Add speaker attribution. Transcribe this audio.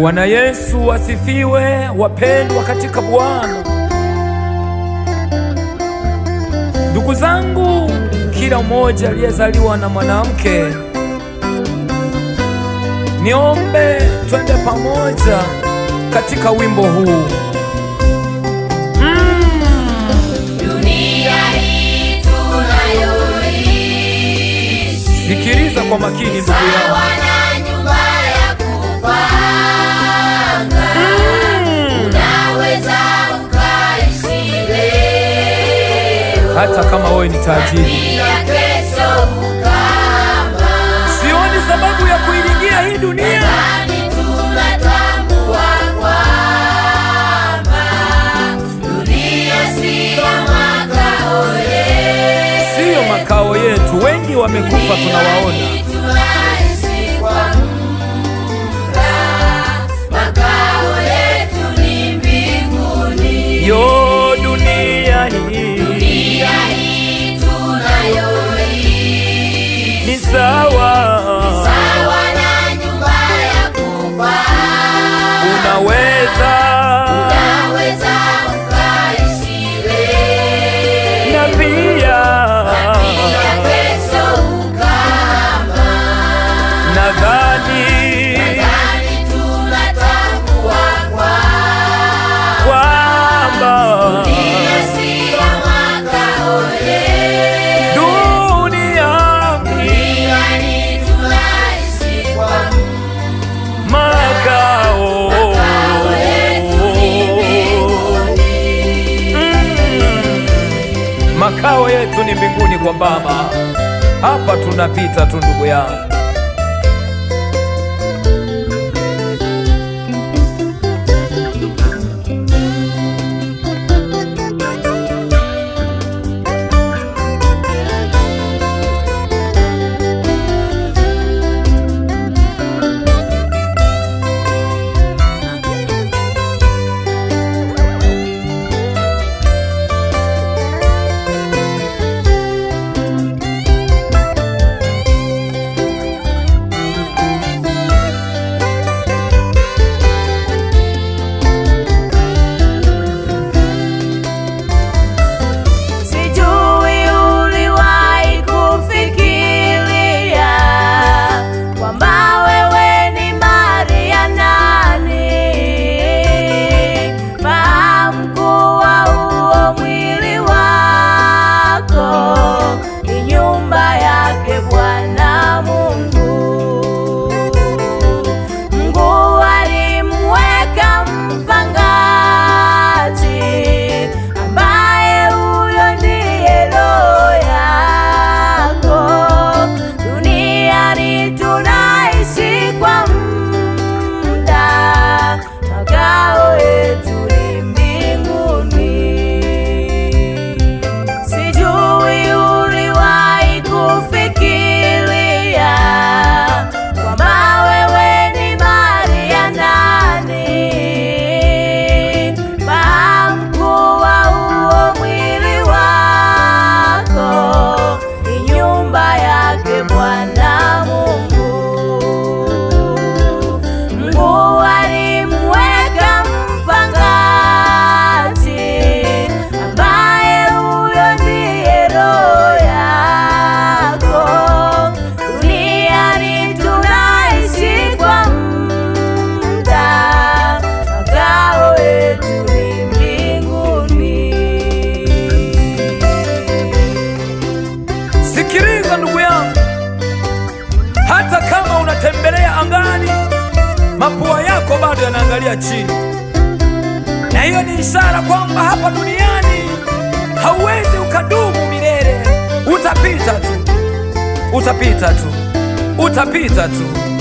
Speaker 1: Bwana Yesu asifiwe, wapendwa katika Bwana. Ndugu zangu, kila mmoja aliyezaliwa na mwanamke, niombe twende pamoja katika wimbo huu
Speaker 2: sikiliza kwa makini ndugu
Speaker 1: yangu.
Speaker 2: hata kama wewe ni tajiri. Sioni sababu ya kuilingia hii dunia. Siyo makao yetu, wengi wamekufa tunawaona. unaweza,
Speaker 1: unaweza ukaishi wewe.
Speaker 2: kwa baba, hapa tunapita tu ndugu yangu. utapita tu, utapita tu.